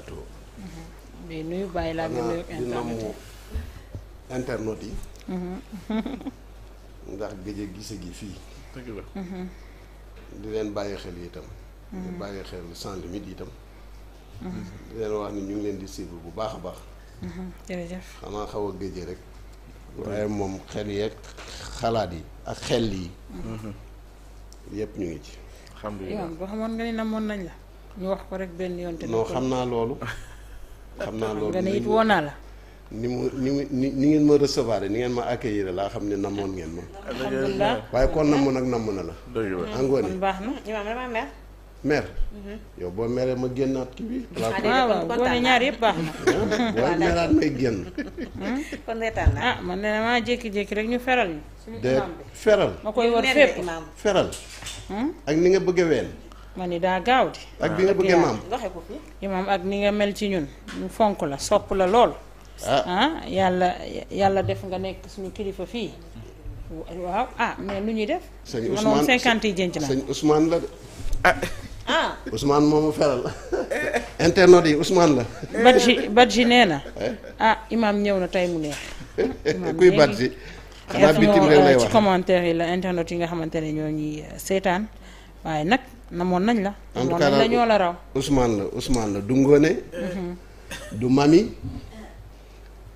barakatuh mm-hmm. mais nuyu bàyyi laa nga nuyu internet yi mm-hmm. ndax gëj gise gi fii mm-hmm. di leen bàyyi xel itam di bàyyi xel sans limite itam di leen wax ni ñu ngi leen di suivre bu baax a baax jërëjëf xanaa xaw a gëjee rek waaye moom xel yi ak xalaat yi ak xel yi yépp ñu ngi ci alhamdulilah yow xamoon nga ni namoon nañ la ñu wax ko rek benn yoon. te non xam naa loolu. xam naa loolu nga ne it woo naa la. ni mu ni mu ni ngeen ma recevoir ni ngeen ma accueillir laa xam ne namoon ngeen ma. waaye kon namoon ak namoon na la. dëgg baax na imaam dama mer. mer. Mhm. boo meree ma génnaat kii bi. Ah, waaw waaw boo ah, meraat may génn. Hmm? ah man nee na jékki-jékki rek ñu feral ñu. de feral. ma koy war fépp feral. Hmm? ak ni nga bëgg a ma ni daa gaaw di. ak bi nga bëggee maam imaam ak ni nga mel ci ñun mu fonk la sopp la lool. Ah. ah yàlla yàlla def nga nekk suñu kilifa fii. waaw ah mais lu ñuy def. sëñ Ousmane yi jënc na sëñ Ousmane la de. ah, ah. Ousmane moomu feral internautes yi Ousmane la. Badji Badji nee na. Eh? ah imaam ñëw na tey mu neex. Eh, kuy Badji. xanaa bitim réew lay eh, wax ci commentaire yi la internautes yi nga xamante ne ñoo ñuy seetaan. waaye nag namoon nañ la. en tout ñoo la raw. Ousmane la Ousmane la du Ngone. Mhm. du Mami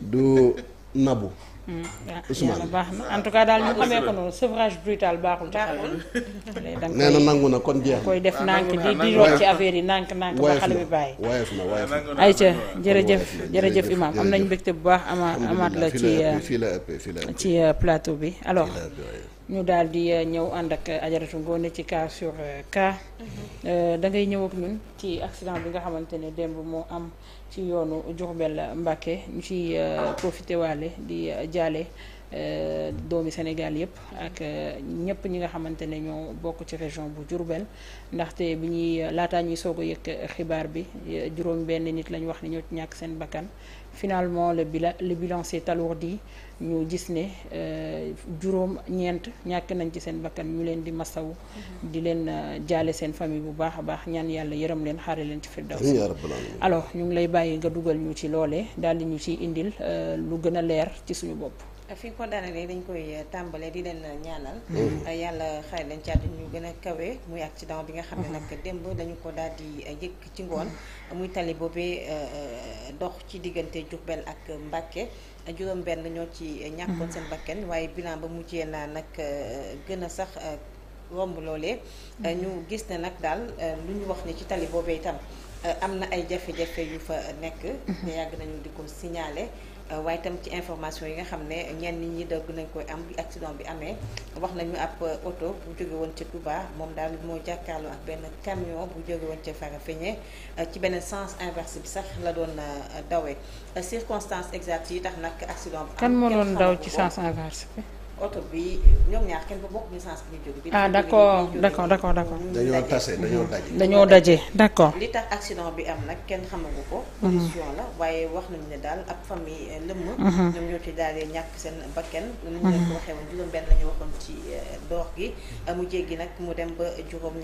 du Nabou. Mhm. Ah, Ousmane baax na en tout cas daal ñu ah, xamee ko noonu sevrage brutal baaxul. baaxul nee na nangu na kon jeex koy def ah, nànk di di root ci affaire yi nànk nànk ba xale bi bàyyi. woyof na woyof na ayca jërëjëf jërëjëf Imaam am nañ mbégte bu baax ama amaat la ci. Euh, plateau bi alors. ñu daal di euh, ñëw ànd ak euh, ajaratu ngoone ci cas sur euh, cas mhm. da ngay ñëw ak ci accident bi nga xamante ne démb moo am ci yoonu Diourbel Mbacké ñu ci profité di jaale doomi Sénégal yëpp ak ñëpp ñi nga xamante ne ñoo bokk ci région bu Diourbel ndaxte bi ñuy laataa ñuy soog a yëg xibaar bi juróom benn nit lañ wax ni ñoo ñàkk seen bakkan finalement le bilan le bilan s'est alourdi ñu gis ne euh, juróom ñeent ñàkk nañ ci seen bakkan ñu leen di masawu mhm. di leen euh, jaale seen famille bu baax a baax ñaan yàlla yërëm leen xaare leen ci firdaws alors ñu ngi lay bàyyi nga dugal ñu ci loole daal di ñu ciy indil euh, lu gën a leer ci suñu bopp fi ñu ko daanalee dañ koy eh, tàmbalee di leen eh, ñaanal mm. Mm. Eh, yàlla xare dañ càdd ñu gën a kawe ci accident bi nga xam ne mm-hmm. nag démb dañu ko daal di yëkk ci ngoon mm-hmm. muy tali boobee dox ci diggante Diourbel ak Mbàkke juróom benn ñoo ci ñàkkoon mm-hmm. seen bakken waaye bilan ba mujjee naa nag gën a sax romb loolee ñu gis ne nag daal lu ñu wax ni ci tali boobee itam am na ay jafe-jafe yu fa nekk te yàgg nañu di ko signaler Euh, waaye itam ci information yi nga xam ne ñenn nit ñi dëgg nañ koy am bi accident bi amee wax nañu ab oto euh, bu jóge woon ca Touba moom daal moo jàkkaarloo ak benn camion bu jóge woon ca Farafeñe euh, ci beneen sens inverse sax la doon dawee circonstances exactes yi tax nag accident bi am kan moo doon daw ci sens inverse oto bi ñoom ñaar kenn bokk ñu sens ah, bi ñu jógee. ah d'accord d'accord d'accord d'accord. dañoo tase dañoo daje. dañoo daje d'accord. li tax accident bi am nag kenn xamagu ko. pollution mhm. la waaye wax nañu ne daal ak famille eh, lëmm. Mhm. ñoom ñoo ci daal di ñàkk seen bakken. ni ñu juróom-benn la ñu waxoon ci eh, doox gi mhm. mu jéggi nag mu dem ba juróom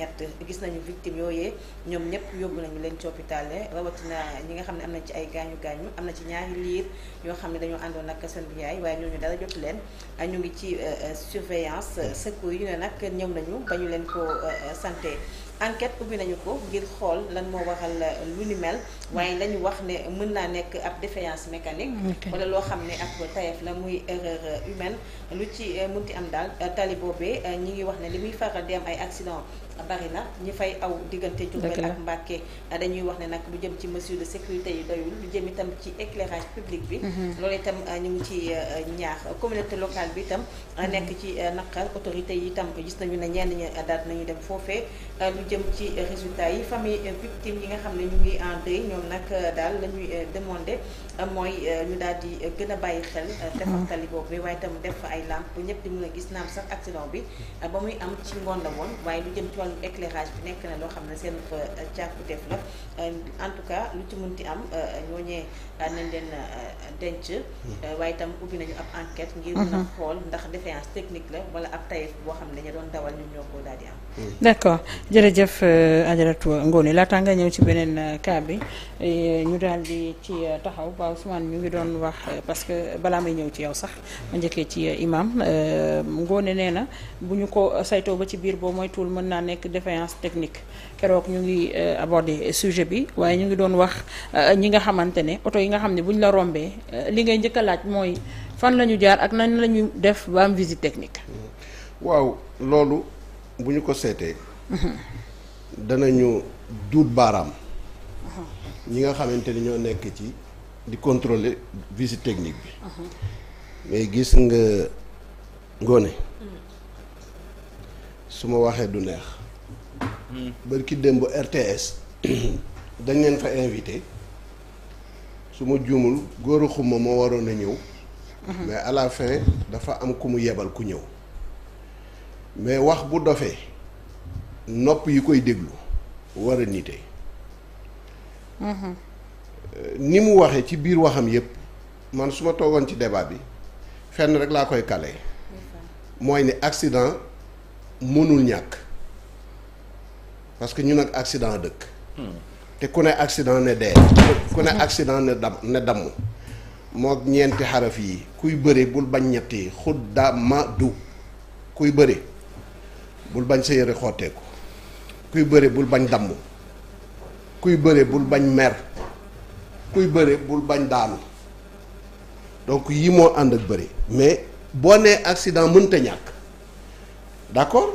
gis nañu victime yooyee ñoom ñëpp yóbbu nañu leen ci hôpital eh, rawatina ñi nga xam ne am nañ ci ay gaañu gaañu am na ci ñaari liir yoo xam ne dañoo àndoon ak seen yaay waaye ñooñu dara jot leen ah, ñu ngi ci ci euh, euh, surveillance mm. secours yi ne nag ñëw nañu ba ñu leen ko euh, santé enquête ubbi nañu ko ngir xool lan moo waral lu ni mel waaye la wax ne mën naa nekk ab défaillance mécanique wala loo xam ne ab tayef la muy erreur humaine lu ci euh, ti am daal euh, tali bi euh, ñi ngi wax ne li muy faral di am ay accident bari na ñi fay aw diggante Diourbel ak Mbacké dañuy wax ne nag lu jëm ci mesure de sécurité yi doyul lu jëm itam ci éclairage public bi mhm. loolu itam ñu ngi ci ñaax communauté locale bi itam nekk ci naqar autorité yi itam gis nañu ne ñenn ñi daal dem foofee jëm ci résultats yi famille victime yi nga xam ne ñu ngi en deuil ñoom nag euh, daal la ñuy euh, demandé euh, mooy ñu daal di gën a bàyyi xel ah. tefaktali boobu waaye itam def ay làmp bu ñëpp di mën a gis naam sax accident bi ba muy am ci ngoon la woon waaye lu jëm ci wàllu éclairage bi nekk na loo xam ne seen fa càkku la en tout cas lu ci mënti am ñooñee nañ leen denc hmm. waaye itam ubbi nañu ab enquête ngir mën hmm. a xool ndax défaillance technique la wala ab tayef boo xam ne dañu doon dawal ñun ñoo ko daal am hmm. jërëjëf eh, Ajaratu Ngoné laata nga ñëw ci beneen eh, cas bi eh, ñu daal di ci taxaw waaw Ousmane ñu ngi doon wax parce que balaa may ñëw ci yow sax ma njëkkee ci imam ngoone nee na bu ñu ko sayto ba ci biir boo moytuwul mën naa nekk défaillance technique keroog ñu ngi aborder sujet bi waaye ñu ngi doon wax ñi nga xamante ne oto yi nga xam ne buñ la rombee li ngay njëkk a laaj mooy fan la ñu jaar ak nan la def ba am visite technique. waaw loolu bu ñu ko seetee. Mhm. danañu duut baaraam ñi nga xamante ni ñoo nekk ci di contrôler visite technique bi mais gis nga ngoone su ma waxee du neex bërki démb RTS dañ leen fa invité su ma juumul góoru xuma moo waroon a ñëw mais à dafa am ku mu yebal ku ñëw mais wax bu dofee nopp yi koy déglu war a nite mhm. euh, ni mu waxee ci biir waxam yépp man su ma toogoon ci débat bi fenn rek laa koy kale mooy ni accident mënul ñàkk parce que ñu nag accident dëkk hmm. te ku ne accident ne dee ku ne mhm. accident ne dam ne damm mook ñeenti xaraf yi kuy bëre bul bañ ñetti xudda ma du kuy bëre bul bañ sa yëre xotteeku kuy bëre bul bañ damm kuy bëre bul bañ mer kuy bëre bul bañ daanu donc yi moo ànd ak bëre mais boo nee accident mënta ñàkk d'accord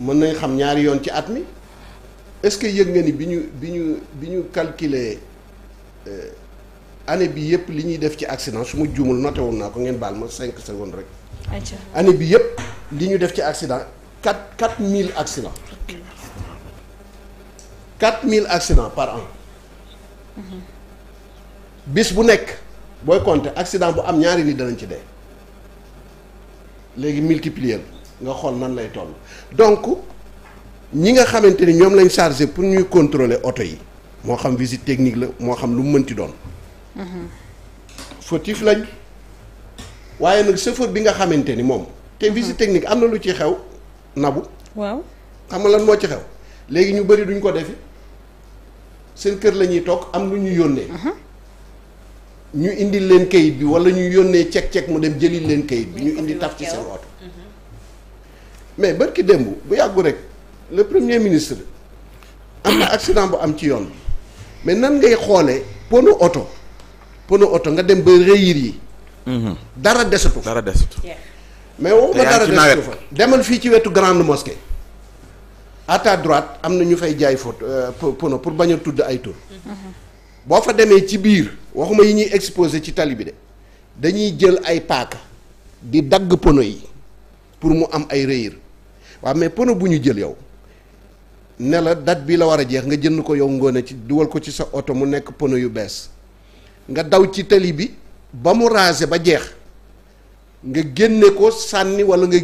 mën nañ xam ñaari yoon ci at mi est-ce que yëg nga ni bi ñu bi ñu bi ñu calculer euh, année bi yëpp li ñuy def ci accident su ma juumul noté naa ko ngeen baal ma cinq secondes rek. année bi yëpp li ñu def ci accident quatre quatre mille accidents. quatre mille accidents par an bis bu nekk booy compter accident bu am ñaari nit danañ ci de léegi multiplier nga xool nan lay toll donc ñi nga xamante ni ñoom lañ chargé pour ñuy contrôler oto yi moo xam visite technique la moo xam lu mu mënti doon fautif lañ waaye nag chauffeur bi nga xamante ni moom te visite technique am na lu ci xew nabu waaw xam nga lan moo ci xew léegi ñu bëri duñ ko defi seen kër la ñuy toog am lu ñu yónnee. Mhm. ñu indi leen kayit bi wala ñu yónnee cek ceg mu dem jëli leen kayit bi ñu indi taf ci seen oto. Mhm. mais barki démb bu yàggu rek le premier ministre am na accident bu am ci yoon bi mais nan ngay xoolee pono oto pono oto nga dem ba rëyir yi. Mhm. dara desatu fa dara desatu. mais waxuma dara desatu fa demal fii ci wetu grande mosquée. à ta am na ñu fay jaay photo euh, pono pour bañ a tudd ay tur boo fa demee ci biir waxuma yi ñuy exposé ci tali bi de dañuy jël ay paaka di dagg pono yi pour mu am ay rëyër waaw mais pono bu ñu jël yow ne la date bi la war a jeex nga jënd ko yow ngoone ci duwal ko ci sa oto mu nekk pono yu bees nga daw ci tali bi ba mu raser ba jeex nga génne ko sànni walla nga